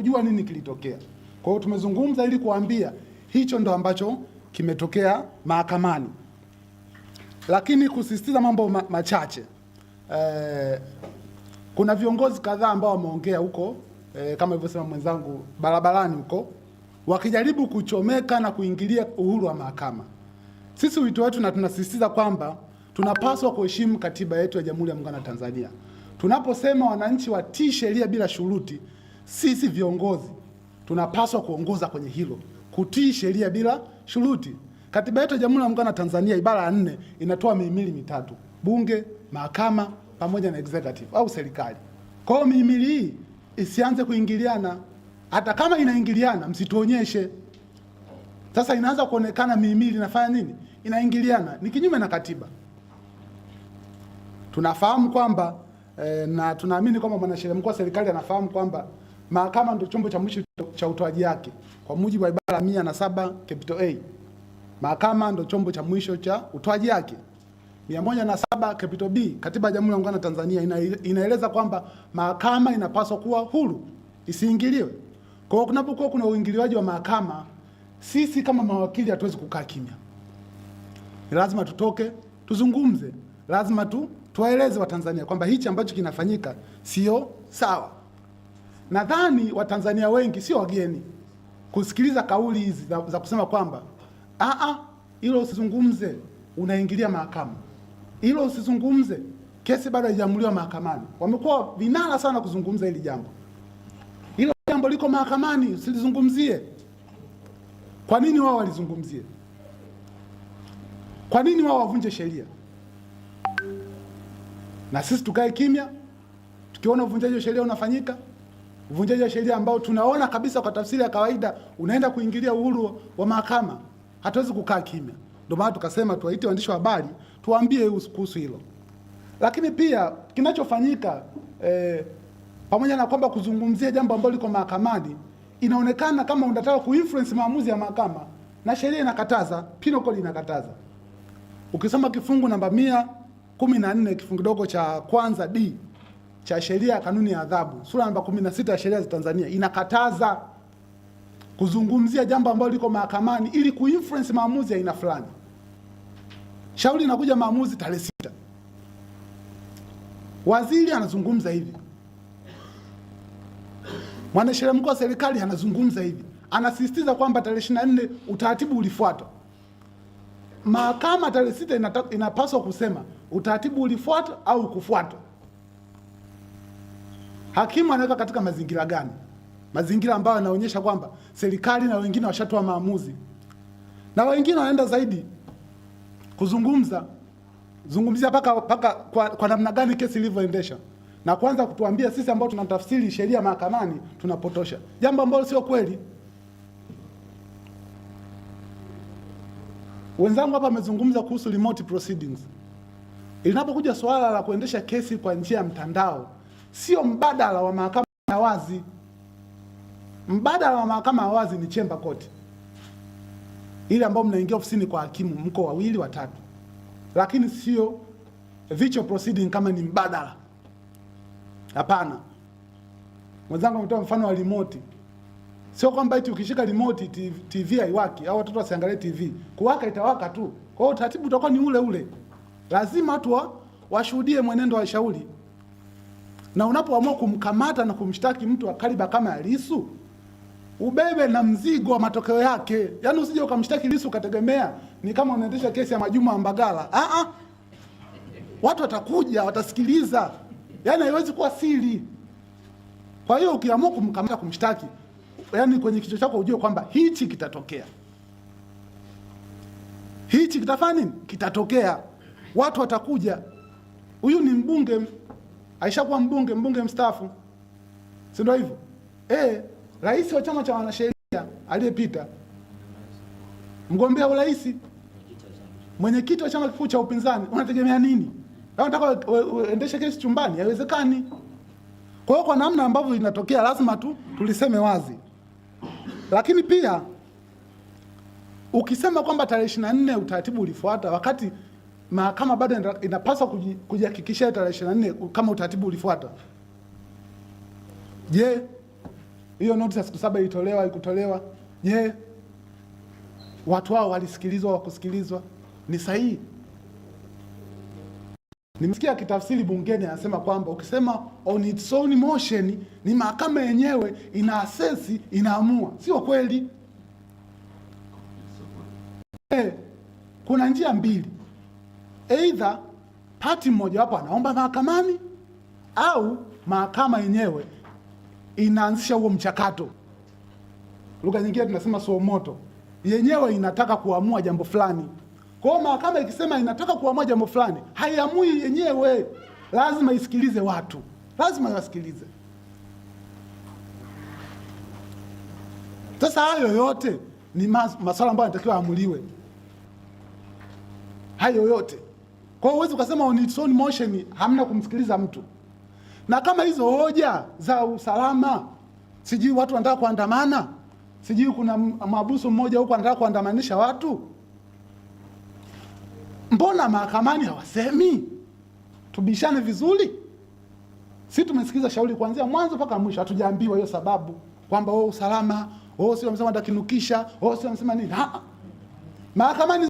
kujua nini kilitokea. Kwa hiyo tumezungumza ili kuambia hicho ndo ambacho kimetokea mahakamani, lakini kusisitiza mambo ma machache eh, kuna viongozi kadhaa ambao wameongea huko eh, kama ilivyosema mwenzangu barabarani huko wakijaribu kuchomeka na kuingilia uhuru wa mahakama. Sisi wito wetu na tunasisitiza kwamba tunapaswa kuheshimu katiba yetu ya Jamhuri ya Muungano wa Tanzania. Tunaposema wananchi watii sheria bila shuruti sisi viongozi tunapaswa kuongoza kwenye hilo, kutii sheria bila shuruti. Katiba yetu ya Jamhuri ya Muungano wa Tanzania ibara ya nne inatoa mihimili mitatu: bunge, mahakama pamoja na executive au serikali. Kwa hiyo mihimili hii isianze kuingiliana, hata kama inaingiliana msituonyeshe. Sasa inaanza kuonekana mihimili inafanya nini, inaingiliana, ni kinyume na katiba. Tunafahamu kwamba e, na tunaamini kwamba mwanasheria mkuu wa serikali anafahamu kwamba Mahakama ndio chombo cha mwisho cha utoaji haki kwa mujibu wa ibara mia na saba capital A. Mahakama ndio chombo cha mwisho cha utoaji haki mia moja na saba capital B. Katiba ya Jamhuri ya Muungano wa Tanzania inaeleza kwamba mahakama inapaswa kuwa huru, isiingiliwe. Kwa hiyo kunapokuwa kuna uingiliwaji wa mahakama, sisi kama mawakili hatuwezi kukaa kimya, lazima tutoke, tuzungumze, lazima tu tuwaeleze Watanzania kwamba hichi ambacho kinafanyika sio sawa. Nadhani Watanzania wengi sio wageni kusikiliza kauli hizi za, za kusema kwamba aa, hilo usizungumze, unaingilia mahakama, hilo usizungumze, kesi bado haijaamuliwa mahakamani. Wamekuwa vinara sana kuzungumza hili jambo, hilo jambo liko mahakamani, usilizungumzie. Kwa nini wao walizungumzie? Kwa nini wao wavunje sheria na sisi tukae kimya tukiona uvunjaji wa sheria unafanyika? uvunjaji wa sheria ambao tunaona kabisa kwa tafsiri ya kawaida unaenda kuingilia uhuru wa mahakama. Hatuwezi kukaa kimya, ndio maana tukasema tuwaite waandishi wa habari tuwaambie kuhusu hilo. Lakini pia kinachofanyika eh, pamoja na kwamba kuzungumzia jambo ambalo liko mahakamani inaonekana kama unataka kuinfluence maamuzi ya mahakama, na sheria inakataza, penal code inakataza. Ukisoma kifungu namba mia kumi na nne kifungu kidogo cha kwanza D cha sheria ya kanuni ya adhabu sura namba 16 ya sheria za Tanzania inakataza kuzungumzia jambo ambalo liko mahakamani ili kuinfluence maamuzi ya aina fulani. Shauri inakuja maamuzi tarehe sita, waziri anazungumza hivi, mwanasheria mkuu wa serikali anazungumza hivi, anasisitiza kwamba tarehe 24 utaratibu ulifuatwa. Mahakama tarehe sita inapaswa kusema utaratibu ulifuatwa au kufuatwa. Hakimu anaweka katika mazingira gani? Mazingira ambayo yanaonyesha kwamba serikali na wengine washatoa maamuzi, na wengine wanaenda zaidi kuzungumza zungumzia paka, paka kwa, kwa namna gani kesi ilivyoendesha na kwanza kutuambia sisi ambao tunatafsiri sheria mahakamani tunapotosha, jambo ambalo sio kweli. Wenzangu hapa amezungumza kuhusu remote proceedings. Linapokuja suala la kuendesha kesi kwa njia ya mtandao sio mbadala wa mahakama ya wazi. Mbadala wa mahakama ya wazi ni chemba court ile ambayo mnaingia ofisini kwa hakimu, mko wawili watatu, lakini sio vicho proceeding kama ni mbadala. Hapana, mwenzangu ametoa mfano wa remote. Sio kwamba eti ukishika remote TV haiwaki au watoto wasiangalie TV, kuwaka itawaka tu. Kwa hiyo utaratibu utakuwa ni ule ule, lazima watu washuhudie mwenendo wa shauri. Na unapoamua kumkamata na kumshtaki mtu wa kaliba kama Lissu, ubebe na mzigo wa matokeo yake. Yaani usije ukamshtaki Lissu ukategemea ni kama unaendesha kesi ya Majuma Mbagala. Ah ah. Watu watakuja, watasikiliza. Yaani haiwezi kuwa siri. Kwa hiyo ukiamua kumkamata kumshtaki, yaani kwenye kichwa chako ujue kwamba hichi kitatokea. Hichi kitafanya nini? Kitatokea. Watu watakuja. Huyu ni mbunge aishakuwa mbunge, mbunge mstaafu, si ndio hivyo? Eh, rais wa chama cha wanasheria aliyepita, mgombea urais, mwenyekiti wa chama kikuu cha upinzani, unategemea nini? Nataka uendeshe kesi chumbani? Haiwezekani. Kwa hiyo kwa namna ambavyo inatokea, lazima tu tuliseme wazi, lakini pia ukisema kwamba tarehe nne utaratibu ulifuata wakati mahakama bado inapaswa kujihakikishia tarehe 24 kama utaratibu ulifuata. Je, hiyo notice ya siku saba ilitolewa ikutolewa? Je, watu hao walisikilizwa wakusikilizwa? Ni sahihi? Nimesikia kitafsiri bungeni anasema kwamba ukisema on its own motion ni mahakama yenyewe ina assess inaamua. Sio kweli. Eh, kuna njia mbili Aidha pati mmojawapo anaomba mahakamani au mahakama yenyewe inaanzisha huo mchakato. Lugha nyingine tunasema so moto yenyewe inataka kuamua jambo fulani. Kwa hiyo mahakama ikisema inataka kuamua jambo fulani, haiamui yenyewe, lazima isikilize watu, lazima iwasikilize. Sasa hayo yote ni masuala ambayo yanatakiwa aamuliwe, hayo yote kwa huwezi ukasema on its own motion hamna kumsikiliza mtu, na kama hizo hoja za usalama, sijui watu wanataka kuandamana, sijui kuna mabusu mmoja huko anataka kuandamanisha watu, mbona mahakamani hawasemi? Tubishane vizuri. Si tumesikiza shauri kuanzia mwanzo mpaka mwisho, hatujaambiwa hiyo sababu kwamba wewe oh, usalama, wewe oh, sio, wamesema ndakinukisha wewe oh, sio, wamesema nini? Mahakamani